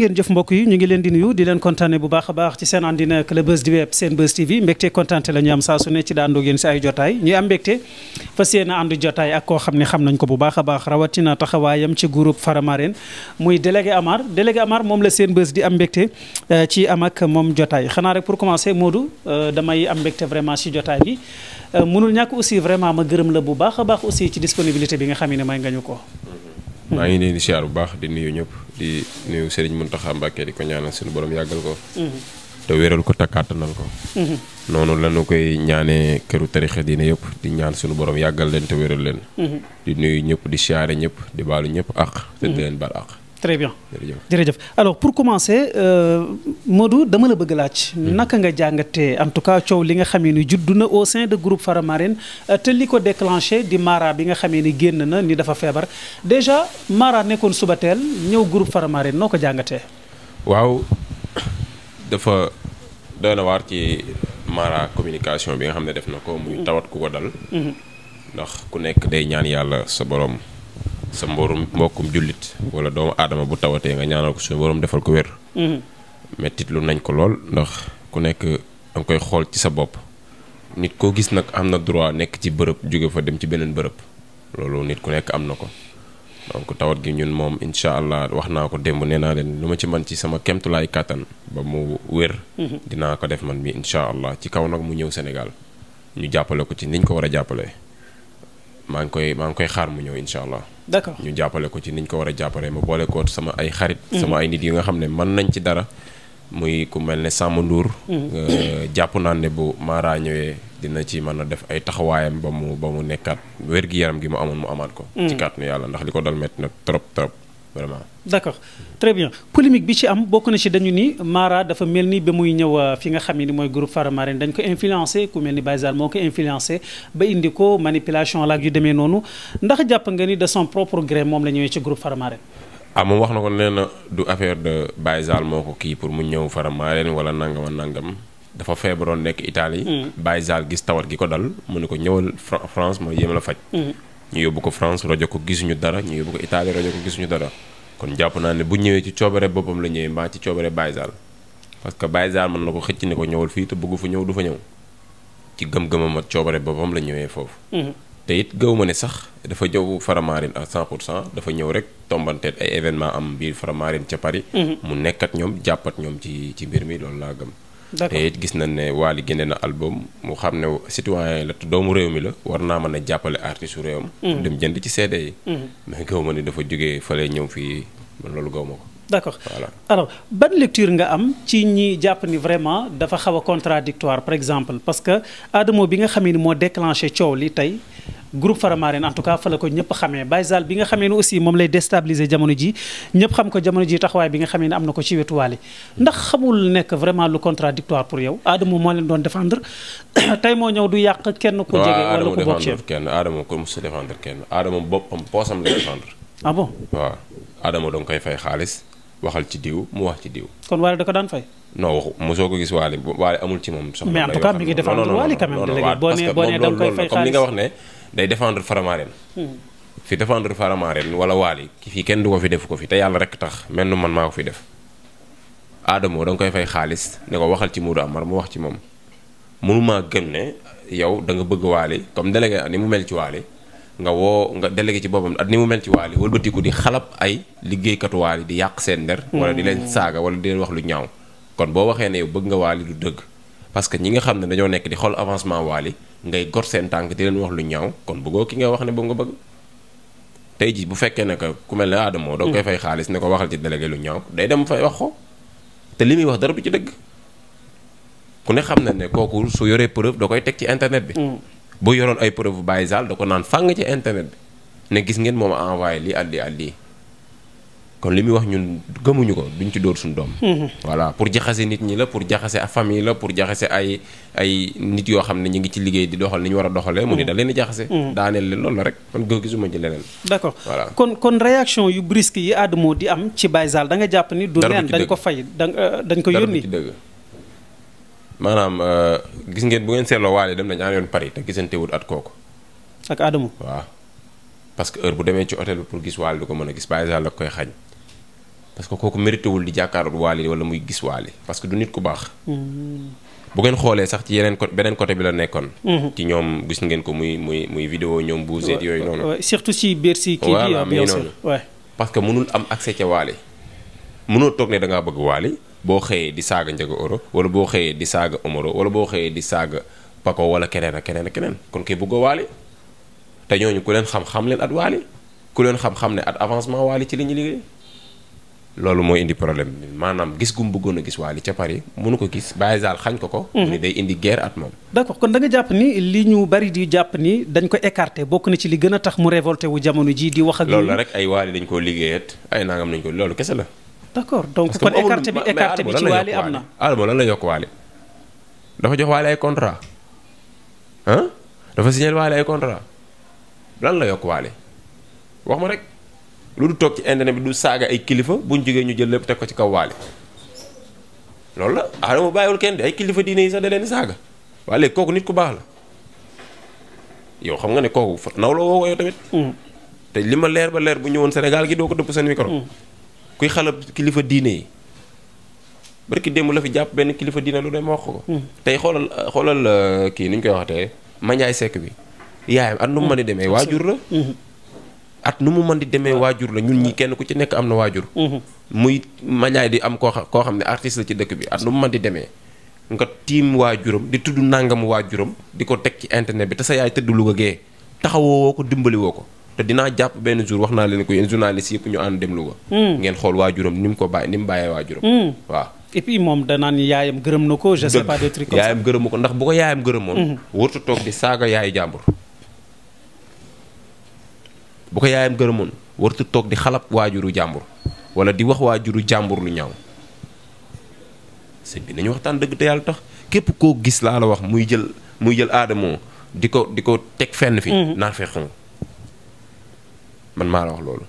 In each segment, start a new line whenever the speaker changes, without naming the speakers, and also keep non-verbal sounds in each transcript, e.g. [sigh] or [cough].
ngeen jëf mbokk yi ñu ngi leen di nuyu di leen kontaane bu baax a baax ci seen àndina ak le buzz di web seen buzz TV mbégte kontaante la ñu saa su ne ci daandoo yéen si am ak koo xam ne xam nañ ko bu baax a baax rawatina taxawaayam ci groupe Faramaren muy délégué Amar délégué Amar moom la seen buzz di am euh, ci am moom jotaay xanaa rek pour commencer Modou euh, damay am mbégte vraiment si jotaay bi euh, mënul ñàkk aussi vraiment ma gërëm la bu baax a baax aussi ci disponibilité bi nga xam ne may nga ñu ko
maa ngi leen di siyaar bu baax di nuyu ñëpp di nuyu Serigne Mountakha Mbacké di ko ñaanal suñu borom yàggal ko. Mhm. te wéral ko te kàttanal ko. Mhm. noonu lañu koy ñaanee këru tarixa diine yëpp di ñaan suñu borom yàggal leen te wéral leen. Mhm. di nuyu ñëpp di siyaare ñëpp di baalu ñëpp àq. te leen baal àq.
très bien jërëjëf alors pour commencer euh, Modou dama la bëgg laaj. Hmm. naka nga jàngatee en tout cas coow li nga xamee ni juddu na au sein de groupe Faramareen euh, te li ko déclenché di Mara bi nga xamee ni génn na ni dafa feebar déjà Mara nekkoon suba teel ñëw groupe Faramareen noo ko jàngatee.
waaw dafa doy na waar ci Mara communication bi nga xam ne def na ko. muy hmm. tawat ku ko dal. Hmm. ndax ku nekk day ñaan yàlla sa borom. sa mborum mbokkum jullit wala doomu aadama bu tawatee nga ñaanal ko suñu borom defal ko wér mm-hmm. mettit nañ ko lool ndax ku nekk danga koy xool ci sa bopp nit koo gis nag am na droit nekk ci bërëb jóge fa dem ci beneen bërëb loolu nit ku nekk am na ko donc tawat gi ñun moom incha allah wax naa ko démb nee naa leen lu ma ci man ci sama kemtulaay kàttan ba mu wér mm-hmm. dinaa ko def man bi incha allah ci kaw nag mu ñëw Sénégal ñu jàppale ko ci niñ ko war a jàppale maa ngi koy maa ngi koy xaar mu ñëw incha allah d'accord ñu jàppale ko ci niñ ko war a jàppale ma boole ko sama ay xarit. Mm. sama ay nit yi nga xam ne mën nañ ci dara. muy ku mel ne sàmm Ndour.
Mm. Euh,
jàpp naa ne bu Mara ñëwee dina ci mën a def ay taxawaayam ba mu ba mu nekkaat wér-gi-yaram gi mu amoon mu amaat ko. Mm. ci kàttanu yàlla ndax li ko dal métti na trop trop. vraiment.
d'accord très bien polémique bi ci am bokk na ci dañu ni Mara dafa mel ni ba muy ñëw euh, fi nga xam ne ni mooy groupe Faramareen dañ ko influencé ku mel ni Baysal moo ko influencé ba indi ko manipulation laak yu demee noonu ndax jàpp nga ni de son propre gré moom la ñëwee ci groupe
Faramareen. Ah, moom wax na ko nee na du affaire de Baysal moo ko kii pour mu ñëw Faramareen wala nangam nangam. dafa feebaroon nekk Italie. Mm. Baye Zal gis tawat gi ko dal mu ne ko ñëwal France ma yéem la faj. Mm. ñu yóbbu ko France rajo ko gisuñu dara ñu yóbbu ko Italie rajo ko gisuñu dara kon jàpp naa ne bu ñëwee ci coobare boppam la ñëwee mbaa ci coobare Baye parce que Baye Zall mën na ko xëcc ni ko ñëwal fii te bëggu fa ñëw du fa ñëw ci gëm-gëmam ak coobare boppam la ñëwee foofu. Mm-hmm. te it gëw ma ne sax dafa jëw Faramarine à 100 pour cent dafa ñëw rek tombanteet ay événement am biir Faramarine ca Paris. Mm-hmm. mu nekkat ñoom jàppat ñoom ci ci mbir mi loolu laa gëm. te it gis nañ ne Wally génne na album mu xam ne citoyen la te doomu réew mi la war naa mën a jàppale artiste su réewam mm. dem jënd ci CD yi mm. mais gaw ma ni dafa fa fale ñëw fii loolu gaw ma ko
d'accord voilà. alors ban lecture nga am ci ñi jàpp ni vraiment dafa xaw a contradictoire par exemple parce que adama bi nga xam ne moo déclenché coow li tey groupe Faramareen en tout cas fa la ko ñëpp xamee Baye Zal bi nga xamee ne aussi moom lay déstabiliser jamono ji ñëpp xam ko jamono ji taxawaay bi nga xamee ne am na ko ci wetu Wally ndax xamul nekk vraiment lu contradictoire pour yow Adamo moo leen doon défendre [coughs] tey kenn ku jege wala ku bokk ci
a défendre kenn Adamo boppam poosam la défendre ah bon waaw Adamo danga koy fay xaalis waxal ci diw mu wax ci diw
kon Wally da ko daan fay
non waxu mosoo ko gis Wally Wally amul ci moom soxla mais en day défendre Faramareen fi défendre Faramareen wala Waali ki fii kenn du ko fi defu ko fi te yàlla rek tax mel nu man maa ko fi def Adamo da nga koy fay xaalis ne ko waxal ci Modou Amar mu wax ci moom mënumaa gën ne yow da nga bëgg Waali comme délégué ni mu mel ci Waali nga woo nga délégué ci boppam at ni mu mel ci Waali wëlbatiku di xalab ay liggéeykatu Waali di yàq seen nder wala di leen saaga wala di leen wax lu ñaaw kon boo waxee ne bëgg nga Waali du dëgg parce que ñi nga xam ne dañoo nekk di xool avancement Waali ngay gor seen tànk di leen wax lu ñaaw kon bëggoo ki nga wax ne ba nga bëgg tey jii bu fekkee ne ku mel ne Adamo doo koy hmm. fay xaalis ne ko waxal ci délégué lu ñaaw day dem fay wax ko te li muy wax dara du ci dëgg ku ne xam na ne kooku su yoree preuve da koy teg ci internet bi hmm. bu yoroon ay preuve bu bàyyi saal da ko naan fàng ci internet bi ne gis ngeen moom envoyé lii ak lii ak lii kon li muy wax ñun gëmuñu ko duñ ci dóor suñu doom. Mm-hmm. voilà pour jaxase nit ñi la pour jaxase a famille la pour jaxase ay nit yoo xam ne ñu ngi ci liggéey di doxal ni ñu war a doxalee. mu ni mm-hmm. da leen di jaxase. Mm-hmm. daaneel leen loolu la rek man gë gisuma
kon kon yu brusque yi Adamo di am ci Baye Zale da nga jàpp ni. du leen euh, dañ ko fay dañ ko yónni
maanaam euh, gis ngeen bu ngeen seetloo waale dem na ñaari yoon Paris te gisante wut at kooku.
ak Adamo waaw
parce que heure bu demee ci hôtel bi pour gis waale du ko mën a gis Baye Zale la koy xañ parce que kooku mérité wul di jàkkaarloo waali wala muy gis waali parce que du nit ku baax.
Mm-hmm.
bu ngeen xoolee sax ci yeneen côté beneen côté bi la nekkoon. Mm-hmm. ci ñoom gis ngeen ko muy muy muy ñoom buusee yooyu noonu. parce que mënul am accès ca waali mënoo toog ne da bëgg waali boo xëyee di saaga Ndiaga Euro wala boo xëyee di saaga Omaro wala boo xëyee di saaga Paco wala keneen ak keneen ak keneen kon kay bëgg a waali te ñooñu ku leen xam-xam leen at waali loolu mooy indi problème maanaam gis gu mu bëggoon a gis Wally ca Paris mënu ko gis Baye Zal xañ ko ko. Hmm. mu ni day indi guerre at moom. d'accord
kon da jàpp ni li ñu bari di jàpp ni dañ ko écarté bokk na ci li gën a tax mu révolté wu jamono ji di wax ak. loolu la rek
ay Wally dañ koo liggéeyat ay nangam nañ ko loolu kese la.
d'accord donc kon écarté bi écarté bi ci Wally am na.
Adamo lan la yokk Wally dafa jox Wally ay contra ah dafa signé Wally ay lan la yokk Wally lu du toog ci internet bi du saaga ay kilifa bu buñ jógee ñu jël lépp teg ko ci kaw waale loolu la Adama ah, bàyyiwul kenn ay kilifa diine yi sax da leen kooku nit ku baax la yow xam nga ne kooku fa naw la woo yow tamit. Mm. te li ma leer ba leer bu ñëwoon Sénégal gi doo ko dëpp seen micro. Mm. kuy xalab kilifa diine yi barki démb la jàpp benn kilifa diine lu ne ma ko. Mm. tey xoolal xoolal euh, kii ni ñu koy waxatee Mandiaye Seck bi yaayam at nu mu mën demee waajur la. at nu mu mën di demee waajur la ñun ñi kenn ku ci nekk am na waajur. Mm-hmm. muy mañaay di am koo xam koo xam ne artiste la ci dëkk bi at nu mu mën di demee nga tiim waajuram di tudd nangam juróom di ko teg ci internet bi te sa yaay tëdd Louga gee taxawoo ko dimbali woo ko te dinaa jàpp benn jour wax naa leen ko yéen journaliste yëpp ñu ànd dem Louga. Mm. ngeen xool waajuram ni mu ko bàyyi ni mu bàyyee waajuram. Mm. waaw. et puis moom danaan yaayam gërëm na ko. je sais pas yaayam gërëmu ko ndax bu ko yaayam gërëmoon. Mm-hmm. warut toog di saaga yaay jàmbur. bu ko yaayam gërëmoon warta toog di xalab waajuru jàmbur wala di wax waajuru jàmbur lu ñaaw sëñ bi nañu waxtaan dëgg te tax képp koo gis laa la wax muy jël muy jël aadamoo di ko di ko teg fenn fi. Mm-hmm. naa fekk man maa la wax loolu.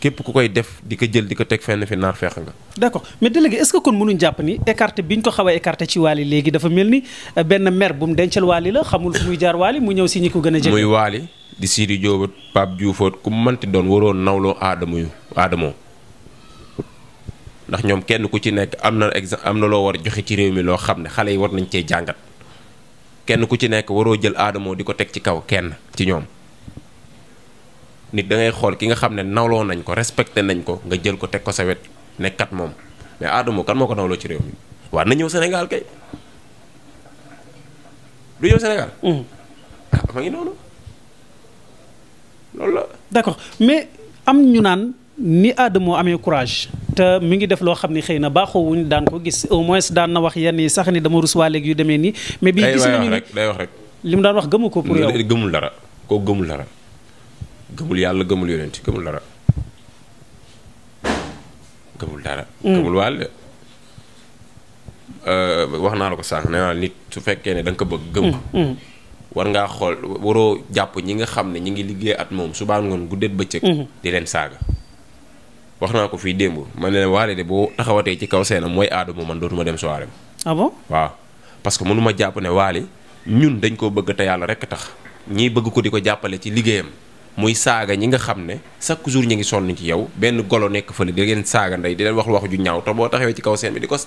képp ku koy def di ko jël di ko teg fenn fi naar feex nga.
d' accord mais délégué est ce que kon mënuñ jàpp ni écarté bi ñu ko xaw a écarté ci waali léegi dafa mel ni euh, benn mer bu mu dencal waali la xamul fu muy jaar waali mu ñëw si ñu
ko gën a jege. muy waali di Sidi Diop Pape Diouf ku mu mënti doon waroon nawloo aadama yu aadamoo ndax ñoom kenn ku ci nekk am na exemple am na loo war joxe ci réew mi loo xam ne xale yi war nañ cee jàngat kenn ku ci nekk waroo jël aadamoo di ko teg ci kaw kenn ci ñoom. nit da xool ki nga xam ne nawloo nañ ko respecté nañ ko nga jël ko teg ko sa wet nekkat moom mais Adamo kan moo ko nawloo ci réew mi waa na ñëw Sénégal kay du ñëw Sénégal. Mm. Ah, ngi noonu loolu la.
d'accord mais am ñu naan ni Adamo amee courage. te mu ngi def loo xam ne xëy na baaxoo wuñ daan ko gis au moins daan na wax yenn yi sax ni dama rus waa léegi yu deme nii. mais bi gis nañu day rek day wax rek. li mu daan wax gëmu ko pour yow.
gëmul dara koo gëmul dara. gëmul yàlla gëmul ci gëmul dara gëmul dara mm. gëmul waal de euh, wax naa la ko sànq nee naa nit su fekkee ne da ko bëgg gëm ko mm, mm. war ngaa xool waroo jàpp ñi nga xam ne ñi ngi liggéey at moom subaa ngoon guddeet bëccëg mm-hmm. di leen saaga wax naa ko fii démb man ne leen waale de boo taxawatee ci kaw seenam mooy aadama man dootuma dem soirée ah bon waaw parce que mënuma jàpp ne waali ñun dañ koo bëgg te yàlla rekk tax ñii bëgg ko di ko jàppale ci liggéeyam muy saaga ñi nga xam ne chaque jour ñu ngi sonn ci yow benn golo nekk fële di leen saaga ndey di leen wax wax ju ñaaw te boo taxawee ci ko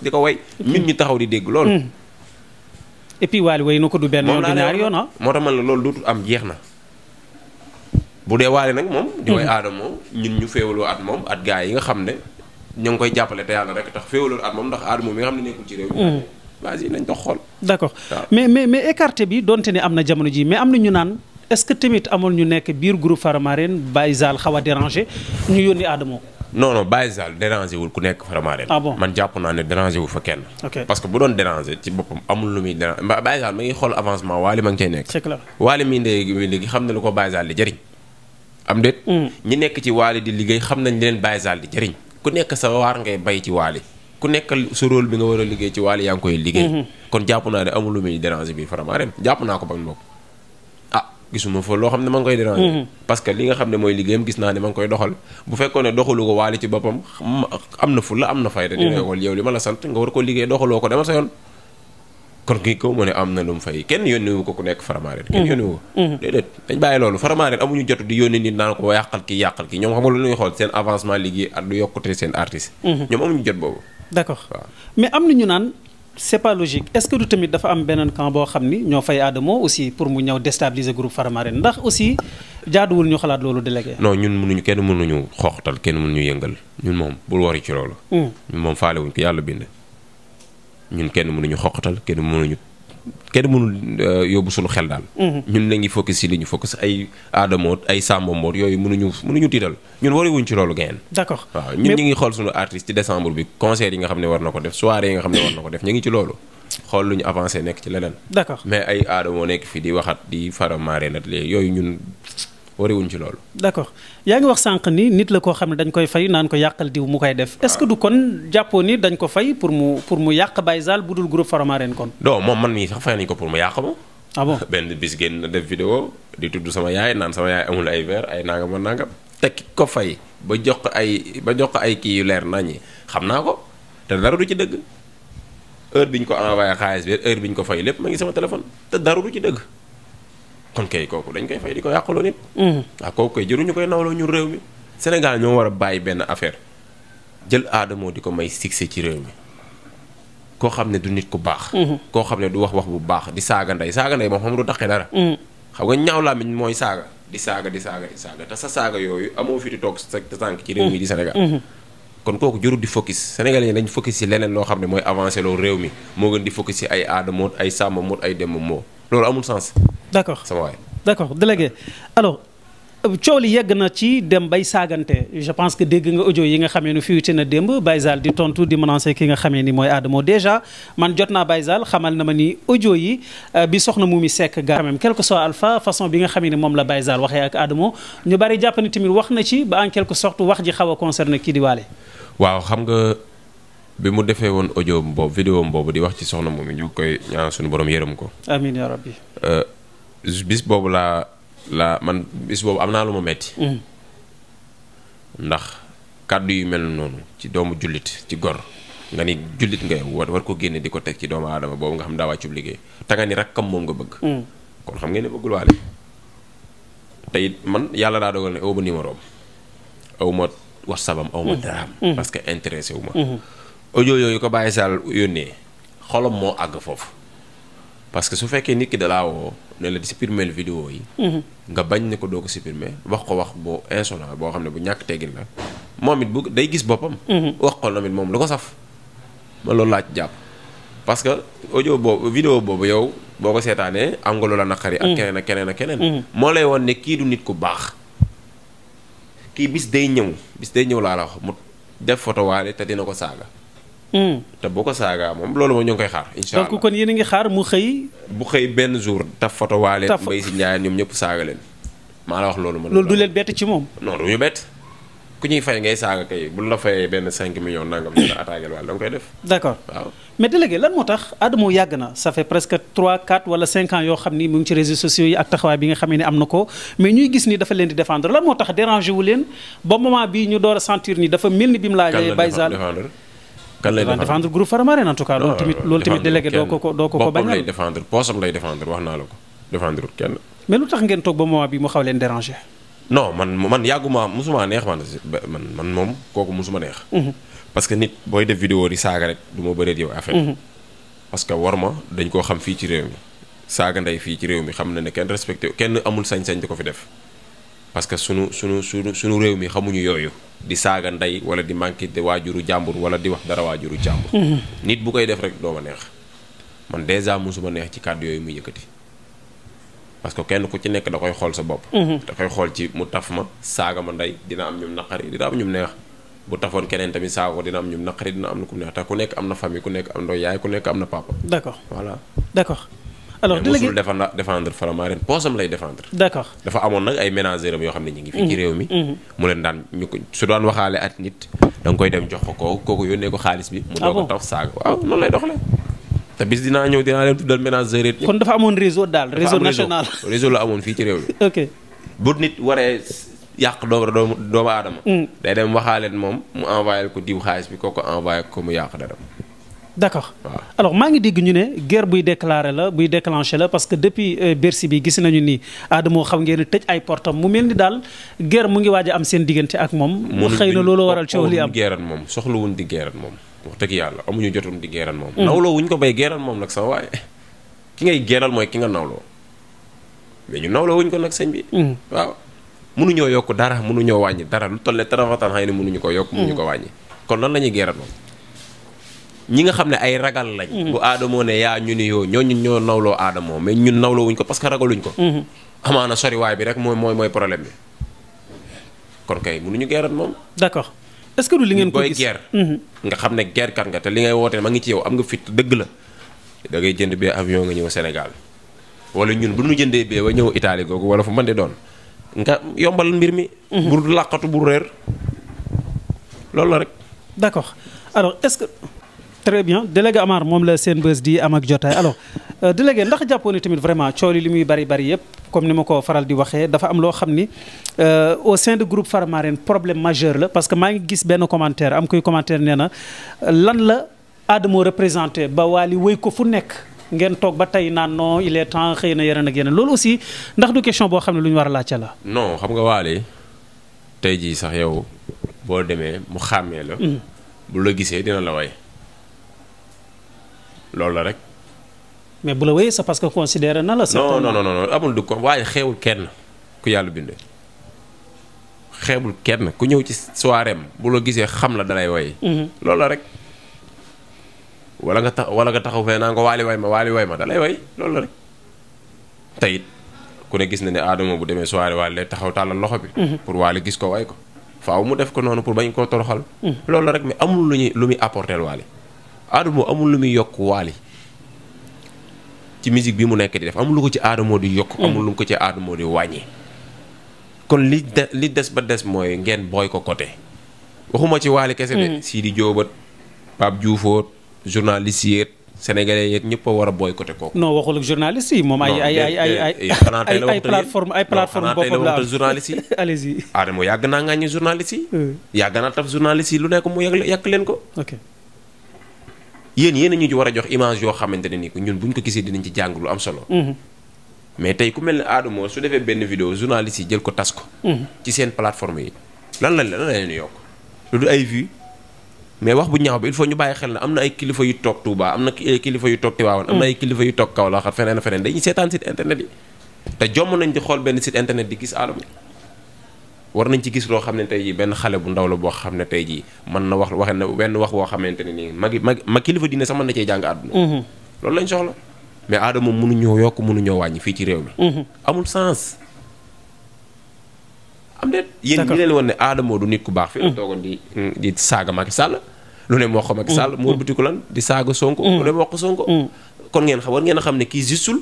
di ko way mm-hmm. nit ñi taxaw di dégg loolu
mm-hmm. et puis waali way na ko ah. tax
man am jeex na bu dee waale nag moom di way aadama mm-hmm. ñun ñu féewaloo at moom at gaa yi nga xam ne ñoo ngi koy jàppale te yàlla rek tax féewaloo at moom ndax aadama mi nga xam ne nekkul ci réew mi nañ dox xool
d'accord mais mais mais bi donte ne am na jamono ji mais am na ñu naan est-ce que tamit amul ñu nekk biir groupe Faramareen Baye Zal xaw a dérangé ñu yónni
Adamo. non non Baye Zal dérangé ku nekk Faramareen. ah bon man jàpp naa ne dérangé wu fa kenn. parce que bu doon dérangé ci amul lu muy dérangé Baye Zal ngi xool avancement waale ma ngi cay na lu ko Baye Zal di jëriñ. Hmm. ci waale di liggéey xam nañ leen Baye di jëriñ ku nekk sa waar ngay bay ci waale. ku nekk sa bi nga war a liggéey ci waale yaa ngi koy liggéey. Hmm. jàpp naa ne amul lu muy dérangé bi Faramareen ko ba mu gisuma fa loo xam ne ma koy déranger mhm. parce li nga xam ne mooy liggéeyam gis naa ne ma koy doxal bu fekkoon doxalu ko waali ci boppam am na fulla mhm. la mhm. amuñu jotu di yónni nit naan ko yàqal ki yàqal ki ñoom xam jot boobu
d'accord waaw mais am na ñu naan c'est pas logique est-ce que du tamit dafa am beneen camp boo xam ni ñoo fay Adamo aussi pour mu ñëw déstabiliser groupe Faramaréne ndax aussi jaaduwul ñu xalaat loolu délégué.
non ñun mënuñu kenn mënuñu xooxtal kenn mënuñu yëngal ñun moom bul wari ci loolu. Hmm. ñun moom faale wuñ ko yàlla bind. ñun kenn mënuñu xooxtal kenn mënuñu kenn mënul euh, yóbbu suñu xel daal. Mhm. ñun na ngi si li ñu focus ay aadamoot ay sàmbamoot yooyu mënuñu mënuñu tiital ñun wariwuñ ci loolu gayen.
waaw
ñun ñu ngi xool suñu artiste ci décembre bi concert yi nga xam ne war na ko def soirée nga xam ne war na ko def ñu ngi ci loolu. xool lu ñu avancé nekk ci leneen. mais ay aadamoo nekk fii di waxat di faramaare nag yooyu ñun. warewuñ ci loolu.
d'accord yaa ngi wax sànq ni nit la koo xam ne dañ koy fay naan ko yàqal diw mu koy def. est-ce que kon jàppoo ni dañ ko fay pour mu pour mu yàq Baye Zale bu dul groupe Faramaren kon.
non moom man mii sax fay nañ ko pour mu yàq ma. ah bon [laughs] benn bis génn na def vidéo di tudd sama yaay naan sama yaay amul ay verre ay nangam ak nangam. te ki ko fay ba jox ay ba jox ay kii yu leer naññi xam naa ko te dara du ci dëgg heure bi ñu ko envoyé xaalis bi heure bi ñu ko fay lépp ma ngi sama téléphone te ci dëgg. kon kay kooku dañ koy fay di ko yàqaloo nit. Mm. waaw kooku koy jëruñu koy nawloo ñu réew a bàyyi benn affaire jël aadamoo di ko may succès ci réew mi koo xam ne du nit ku baax. Mm-hmm. koo xam ne du wax wax bu baax di saaga ndey saaga ndey moom xam du taxee dara. Mm. xam nga ñaaw laa mooy saaga di saaga di saaga sa saaga yooyu amoo fi di toog sa tànk ci réew mi mm. di Sénégal. Mm-hmm. kooku jurul di focus Sénégal yi dañ focus ci leneen loo xam ne mooy avancé loo réew mi moo gën di focus ci ay aadamoot ay sàmmamoot ay moo loolu amul sens. d'accord sama waay.
d'accord délégué alors. coow li yegg na ci dem bay saagante je pense que dégg nga audio yi nga xamee ni fuité na démb Bayzal di tontu di menacer ki nga xamee ni mooy Adamo déjà man jot naa Bayzal xamal na ma ni audio yi euh, bi soxna mu mi sekk ga quand même quelque soit alpha façon bi nga xamee ni moom la Bayzal waxee ak Adamo ñu bari jàpp ni tamit wax na ci ba en quelque sorte wax ji xaw a concerné kii diwaale
bi mu defee woon audio boobu vidéo boobu di wax ci soxna moom ñu ngi koy ñaan suñu borom yërëm ko. amiin yaa rabbi. Euh, bis boobu laa laa man bis boobu am naa lu ma metti mm. ndax kàddu yu mel na noonu ci doomu jullit ci gor. nga ni jullit nga yow war ko génne di ko teg ci doomu aadama boobu nga xam daa wàccub liggéey te nga ni rakkam moom nga bëgg. Mm. kon xam nga ne bëggul waale. te man yàlla daa dogal ne aw ma numéro whatsapp am aw ma mm. daraam parce que audio yooyu ko bàyyi Baye Sall yónnee xolam moo àgg foofu parce que su fekkee nit ki dalaa woo ne la di supprimer vidéo yi. Mhm. nga bañ ne ko doo ko supprimer wax ko wax bu insolent boo xam ne bu ñàkk teggin la moom it bu day gis boppam. Mhm. wax ko tamit moom lu ko saf ma loolu laa jàpp. parce que audio boobu boobu yow boo ko seetaanee am nga loola naqari. ak mhm. keneen ak keneen ak keneen. moo lay woon ne kii du nit ku baax. kii bis day ñëw bis day ñëw laa la wax mu def foto te dina ko saaga. Hmm. te boo ko saagaa moom loolu moom ñoo koy xaar donc kon yéen a ngi xaar mu xëy bu xëy benn jour taf foto waale mbay si njaay ñoom ñëpp saaga leen maa la wax loolu ma loolu du leen bett ci moom non du ñu bett ku ñuy fay ngay saaga kay bu la fayee benn 5 millions nangam ñu la attaqué waale da koy def
d'accord waaw mais délégué lan moo tax Adamo yàgg na ça fait presque 3 4 wala 5 ans yoo xam ni mu ngi ci réseaux sociaux yi ak na ko mais gis ni dafa leen di défendre lan moo tax dérangé wu leen ba moment bii ñu door a dafa mel ni bi mu laajee Baye Zall
kan lay défendre
groupe Faramareen en tout cas loolu tamit loolu tamit délégué doo ko ko doo ko ko bañal lay
défendre lay défendre wax naa la ko défendre kenn
mais tax ngeen toog ba moment bi mu xaw leen déranger
non man man yàgguma musuma neex man man man moom kooku musuma neex mhm. parce que nit booy def vidéo di saaga rek du ma bëreet yow affaire mhm. parce war ma dañ koo xam fii ci réew mi saaga ndey fii ci réew mi xam na ne kenn respecté kenn amul sañ-sañ di ko fi def parce que sunu sunu sunu sunu réew mi xamuñu yooyu di saaga ndey wala di manqué de waajuru jàmbur wala di wax dara waajuru jàmbur. Mm-hmm. nit bu koy def rek doo ma neex man dèjà mosuma neex ci kàddu yooyu muy yëkkati parce que kenn ku ci nekk da koy xool sa bopp. Mm-hmm. da koy xool ci mu taf ma saaga ma ndey dina am ñum naqari dina am ñum neex. bu tafoon keneen tamit saaga ko dina am ñum naqari dina am na ku neex te ku nekk am na famille ku nekk am na yaay nekk am na papa. d'accord voilà
d'accord. alors délégué
mais mosul défendre Faramareen poosam lay défendre. d' accord dafa amoon nag ay ménagères am yoo xam ne ñu ngi fii ci mhm. réew mi. Mhm. mu leen daan ñu ko su doon waxaale at nit da nga koy dem jox ko kooku kooku yónnee ko xaalis bi. mu doo ko tax saaga waaw noonu lay dox te bis dinaa ñëw dinaa leen tuddal ménagères kon dafa amoon réseau daal réseau national. [laughs] réseau la amoon fii ci réew mi. ok bu nit waree yàq doomu doomu doomu aadama. Mm. day dem waxaaleen moom mu envoyé ko diw xaalis bi kooku envoyé ko mu yàq dara.
d'accord alors maa ngi dégg ñu ne geer buy déclaré la buy déclenché la parce que depuis euh, Bercy bi gis nañu ni Adamo xam ngeen tëj ay portam mu mel ni daal guerre mu ngi waaj a am seen diggante ak moom. mu xëy na loolu waral coow li am
guerran moom soxlawuñ di guerran moom. wax dëgg yàlla amuñu jotum di guerran moom. Hmm. nawloo wuñ ko bay guerran moom nag sa waaye ki ngay guerral mooy ki nga nawloo mais nawloo wuñ ko nag sëñ bi. Hmm. waaw mënuñoo yokk dara mënuñoo wàññi dara lu toll nii tarafatan xëy na mënuñu ko yokk mënuñu hmm. ko wàññi kon lan la ñuy guerran ñi nga xam ne ay ragal lañ. Mm-hmm. bu aadamoo ne yaa ñu ni yow ñooñu ñoo nawloo aadamoo mais ñun nawloo wuñ ko parce que ragaluñ ko. Mm-hmm. amaana soriwaay bi rek mooy mooy mooy problème bi kon kay mënuñu geerat moom.
d'accord est-ce que du li ngeen ko gis geer mm-hmm.
xam ne geer kat nga te li ngay wootee ma ngi ci yow am nga fit dëgg la da ngay jënd bee avion nga ñëw senegal wala ñun bu ñu jëndee bee ba ñëw Italie googu wala fu man di doon nga yombal mbir mi. bu làqatu bu réer
loolu la rek. d'accord alors est très bien délégué Amar moom la seen Senbuzz di am ak jotaay alors euh, délégué ndax jàppoo ni tamit vraiment coow li muy bari bari yëpp comme ni ma ko faral di waxee dafa am loo xam ni euh, au sein de groupe Faramareen problème majeur la parce que maa ngi gis benn commentaire am kuy commentaire nee na lan la Adamo représenté ba Wally wéy ko fu nekk ngeen toog ba tey naan non il est temps xëy na yeneen ak yeneen loolu aussi ndax du question boo xam ne lu ñu war a la.
non xam nga Wally jii sax yow boo demee mu xàmmee la. Hmm. la gisee dina la way loolu la rek.
mais bu la wéyee sa parce que considéré na la. non non non
non amul du ko waaye xeewul kenn ku yàlla bindee xeebul kenn ku ñëw ci soirée am bu la gisee xam la dalay woy mhm. loolu la rek. wala nga tax wala nga taxaw fee naa ko waali way ma waali way ma dalay way loolu la rek. tey ku ne gis na ne Adama bu demee soirée waali lay taxaw tàllal loxo bi. Mhm. pour waali gis ko way ko. faaw mu def ko noonu pour bañ koo toroxal. Mhm. loolu la rek mais amul lu ñuy lu muy apporter waali Adamo amul lu muy yokk Wally ci musique bi mu nekk di def amul lu ko ci Adamo di yokk hmm. amul lu ko ci Adamo di wàññi kon li de li des ba des mooy ngeen booy ko côté waxuma ci Wally kese de hmm. sii di Pape Diouf journaliste yi sénégalais yéen ñëpp war a boycotté kooku.
non waxul ak journaliste yi moom. ay ay ay ay eh, ay ay plateforme ay plateforme boppam la journaliste yi.
[laughs] allez yàgg naa ŋàññi journaliste yi. Hmm. yàgg naa taf journaliste yi lu nekk mu yàgg leen ko. yéen yéen ñu war a jox image yoo xamante ne ni ñun bu ñu ko gisee dinañ ci jàng lu am solo. Mhm. mais tey ku mel ne Adamo su defee benn vidéo journaliste yi jël ko tas ko. Mhm. ci seen plateforme yi lan la lan la leen yokk lu du ay vues mais wax bu ñaaw bi il faut ñu bàyyi xel na am na ay kilifa yu toog Touba am na kilifa yu toog Tivaouane. am na ay mhm. kilifa yu toog kaw Kaolack feneen feneen dañuy seetaan site internet yi. te jomm nañ di xool benn site internet di gis Adamo war nañ ci gis loo xam ne tey benn xale bu ndaw la boo xam ne tey jii mën na wax waxe na benn wax boo xamante ne nii magi mag mag kilifa diine sax mën na cee jàng àdduna mm-hmm. loolu lañ soxla mais aada moom mënu yokk mënu ñoo wàññi fii ci réew mi mm-hmm. amul sens am déet yéen ñi ne aadamoo du nit ku baax fi la mm. toogoon di mm, di saaga Macky Sall lu ne moo ko Macky Sall moo mm. butiku lan di saaga Sonko lu ne moo ko Sonko kon ngeen xam war ngeen a xam ne kii justul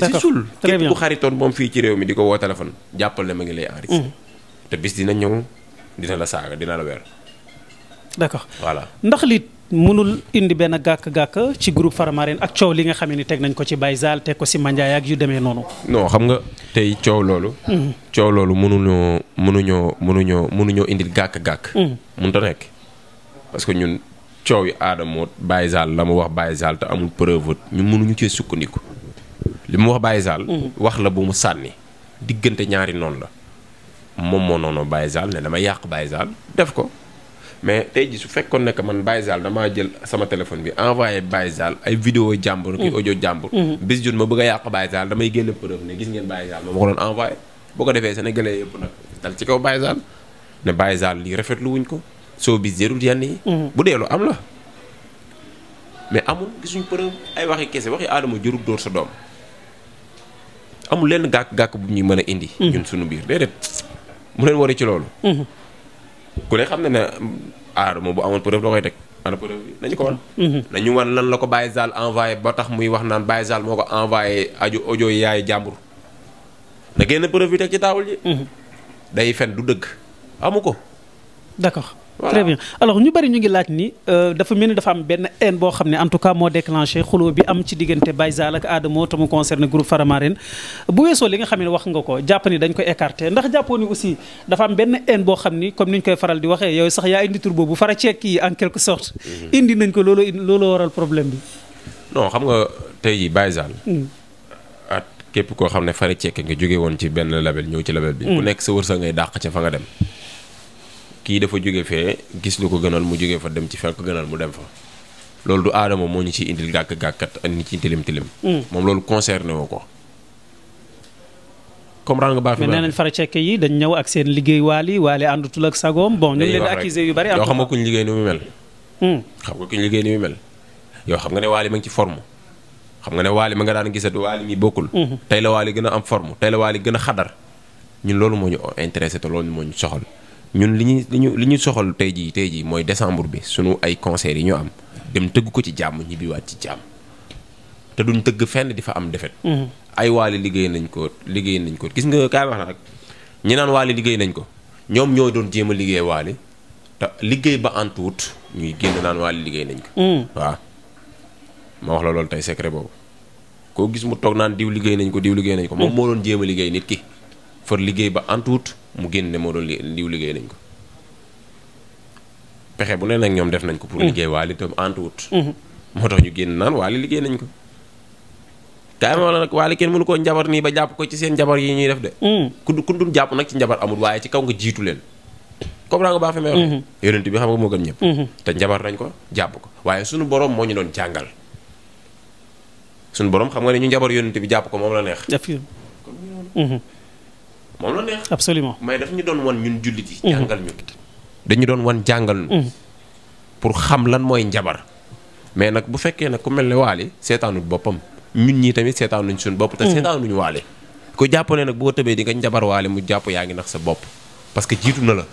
d'accord si suul. très bien képp ku xaritoon moom fii ci réew mi di ko woo téléphone jàppal ne ma ngi lay enregistré. Mm. te bis dina ñëw dina la saaga dina la weer. d'accord voilà
ndax li mënul indi benn gàkk-gàkk ci groupe Faramareen ak coow li nga xam ne teg nañ ko ci Baye Zal ko si Mandiaye ak yu demee noonu.
non xam nga tey coow loolu. Mm. coow loolu mënuñoo mënuñoo mënuñoo mënuñoo indil gàkk-gàkk. Mm. mënut nekk parce que ñun coow yi aada moo Baye Zal la mu wax Baye Zal te amul preuve ñu mënuñu cee sukkandiku. li mu wax bàyyi Zal. Mm-hmm. wax la bu mu sànni diggante ñaari noon la moom moo noonu Baye Zal ne dama yàq Baye Zal def ko mais tey ji su fekkoon ne que man Baye Zal damaa jël sama téléphone bi envoyé Baye Zal ay vidéo jàmbur ki mm-hmm. audio jàmbur mm-hmm. bis jun ma bëgg a yàq Baye Zal damay génn preuve ne gis ngeen Baye Zal ma ma ko doon envoyé boo ko defee sénégalais yëpp nag dal ci kaw Baye Zal ne Baye Zal lii rafetlu wuñ ko soo bis jërul yenn yi bu dee lu am la mais amul gisuñ preuve ay waxi kese waxi aadama jërul dóor sa doom amul lenn gàkk-gàkk bu ñuy mën a indi. Mhm. ñun suñu biir déedéet mu leen wari ci loolu. Mhm. ku ne xam na ne aar moom bu amoon preuve da koy teg ana preuve bi nañu ko wan. Mhm. nañu wan lan la ko Baye Zal envoyé ba tax muy wax naan Baye Zal moo ko envoyé aju audio yaay jàmbur na génn preuve bi teg ci taawul ji. day fen du dëgg amu ko. d'accord.
voilà très bien alors ñu bari ñu ngi laaj ni euh, dafa mel ni dafa am benn haine boo xam ne en tout cas moo déclenché xuloo bi am ci diggante Baye Zall ak Adamo te mu concerne groupe Faramaren bu weesoo li nga xam ne wax nga ko jàppani ni dañ ko écarté ndax jàppoo ni aussi dafa am benn haine boo xam ni comme ni ñu koy faral di waxee yow sax yaa indi tur boobu fara ceek yi en quelque sorte. Mhm. indi nañ ko looloo indi looloo waral problème bi.
non xam nga tey jii at hmm. k koo xam ne fara ceek nga jóge woon ci benn label ñëw ci label bi. Hmm. ku nekk sa wërsëg ngay dàq ca fa nga dem. kii dafa jóge fee gis lu ko gënal mu jóge fa dem ci fekk gënal mu dem fa loolu du aadama moo ñu ci indi gàkk-gàkkat ak ni ci tilim tilim hmm. moom loolu concerné woo ko comprendre nga baax mais ne
nañ fara cekke yi dañ ñëw ak seen liggéey waali waali àndutul ak sagoom bon ñu leen di accuser yu bari yoo hmm. xam nga
kuñ liggéey ni mu mel xam nga kuñ liggéey ni xam nga ne waali ma ngi ci forme xam nga ne waali ma nga daan gisat waali mi bokkul hmm. tey la waali gën a am forme tey la waali gën a xadar ñun loolu moo ñu intéressé te loolu moo ñu soxal ñun li ñu li ñu li ñu soxal tey jii tey jii mooy décembre bi suñu ay concert yi ñu am dem tëgg ko ci jàmm ñibbiwaat ci jàmm te duñ tëgg fenn di fa am defet mm-hmm. ay waali liggéey nañ ko liggéey nañ ko gis nga kaay wax na rek ñi naan waali liggéey nañ ko ñoom ñoo doon jéema liggéey waali te liggéey ba antuwut ñuy génn naan waali liggéey nañ ko mm. waaw ma wax la loolu tey secret boobu koo gis mu toog naan diw liggéey nañ ko diw liggéey nañ ko moom moo doon jéem liggéey nit ki far liggéey ba antuut mu génn ne moo doon liw liggéey nañ ko pexe bu ne nag ñoom def nañ ko pour mm. liggéey waali itam antuut mm-hmm. moo tax ñu génn naan waali liggéey nañ ko kaay ma la nag waali kenn mënu koo ba jàpp ko ci seen njabar yi ñuy def de mm. ku ku jàpp nag ci njabar amul waaye ci kaw nga jiitu leen comprend nga baa fa may mm-hmm. bi xam nga moo gën ñëpp mm-hmm. te njabar nañ ko jàpp ko waaye suñu borom moo ñu doon jàngal suñu borom xam nga ne ñu njabar yonent bi jàpp ko moom la neex moom la neex. absolument mais daf ñu doon wan ñun jullit yi. Mhm. jàngal ñu dañu doon wan jàngal mhm. pour xam lan mooy njabar. mais nag bu fekkee nag ku mel ne Waly seetaanul boppam ñun ñii tamit seetaanuñ suñu bopp. te mhm. seetaanuñu Waly. ku jàpp ne nag boo tëbee di nga njabar Waly mu jàpp yaa ngi nax sa bopp parce que jiitu na la.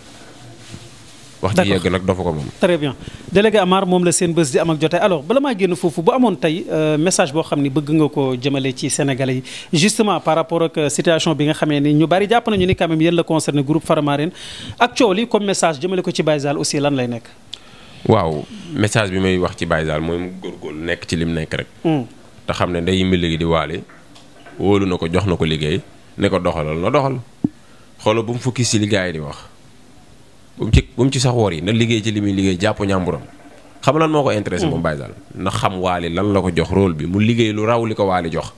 wax ji yegg nag dafa ko moom
très bien délégué Amar moom la seen bés di am ak jotaay alors bala maa génn foofu bu amoon tey euh, message boo xam ni bëgg nga ko jëmale ci sénégalais yi justement par rapport ak euh, situation bi nga xamee ni ñu bari jàpp nañu ni quand même yéen la concerné groupe Faramareen ak coow li comme message jëmale ko ci Baye Zale aussi lan lay nekk
waaw message bi may wax ci Baye Zale mooy mu góor góorgóorlu nekk ci lim nekk rek hmm. te xam ne day mbi léegi di waale wóolu na ko jox na ko liggéey ne ko doxalal na doxal xoolal bu mu fukki si li gars di wax bu mu ci bu sax woor yi na liggéey ci li muy liggéey jàpp ñàmburam xam lan moo ko intéressé moom mm. Baye Zale na xam waali lan la ko jox rôle bi mu liggéey lu raw li ko waali jox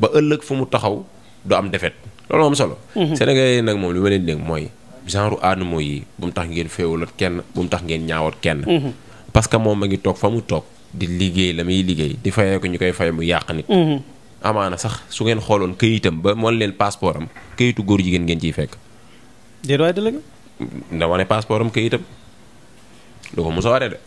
ba ëllëg fu mu taxaw du am defet loolu moom solo mm-hmm. Sénégalais yi nag moom lu ma leen dégg mooy genre aadama yi bu mu tax ngeen féewaloot kenn bu mu tax ngeen ñaawat kenn mm-hmm. parce que moom a ngi toog fa mu toog di liggéey la muy liggéey di fayee ko ñu koy fay mu yàq nit mm-hmm. amaana sax su ngeen xooloon këyitam ba moon leen passeport am këyitu góor jigéen ngeen ciy fekk na wane passeport am këyitam du ko mos a waree de.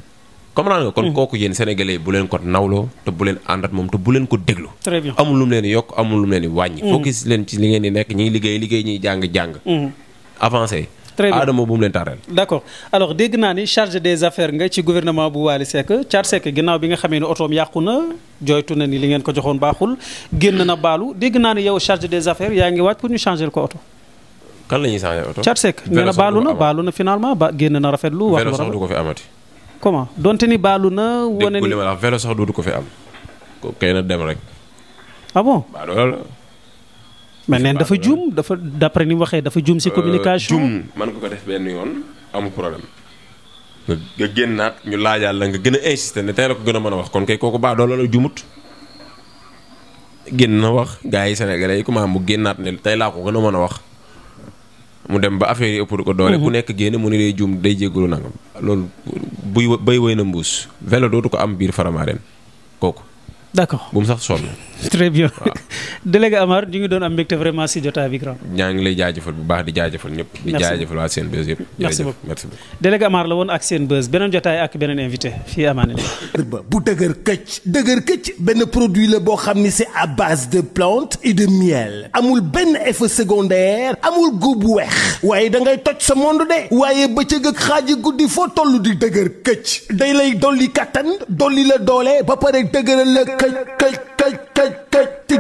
comprendre nga kon hmm. kooku yéen sénégalais bu leen ko nawloo te bu leen àndat moom te bu leen ko déglu. très amul lu mu leen yokk amul lu mu leen di wàññi. Hmm. focus leen ci li ngeen di nekk ñi liggéey liggéey ñiy jàng jàng. Hmm. avancé. très bien Adama bu mu leen tàrreel.
d' accord alors dégg naa ni chargé des affaires nga ci guvernement bu Waly Seck Thiat Seck ginnaaw bi nga xamee ni otoom yàqu na jooytu na ni li ngeen ko joxoon baaxul génn na baalu dégg naa ni yow chargé des yaa ngi waaj pour ñu changer ko
kan la ñuy changé oto. Thiat
na baalu na baalu na finalement ba génn na rafetlu. wax lu sax du ko fi amati. comment
donte ni baalu na. wane ni dégg vélo sax du ko fi am. kay na dem rek. ah dafa
juum dafa d'après ni mu waxee dafa juum si euh, communication. juum
mën nga ko def benn yoon amul problème. nga génnaat ñu laajaal la nga gën a insister ne tey la ko gën a mën a wax kon kay kooku baax doole la jumut génn na wax gars yi Sénégalais yi comment mu génnaat ne tey laa ko gën a mën a wax. mu dem ba affaire yi ëpp ko doole. bu mhm. nekk génn mu ne day juum day jégalu nangam. loolu buy bay wéy na mbuus vélo dootu ko am biir Faramareen kooku. d' accord bu mu sax sonn.
très bien [laughs] waaw. délégué Amar ñu ngi doon am mbégte vraiment si jotaay bi grand.
ñaa ngi lay jaajëfal bu baax di jaajëfal ñëpp. di jaajëfal waa seen bés yëpp.
merci beaucoup merci beaucoup. délégué Amar la woon
bu dëgër këcc dëgër këcc benn produit la boo xam ni c'est à base de plantes et de miel amul benn effet secondaire amul góob bu weex waaye da ngay toj sa monde de waaye bëccëg ak xaaji guddi foo toll di dëgër këcc day lay dolli kattan dolli la doole ba pare dëgëral la këj këj këj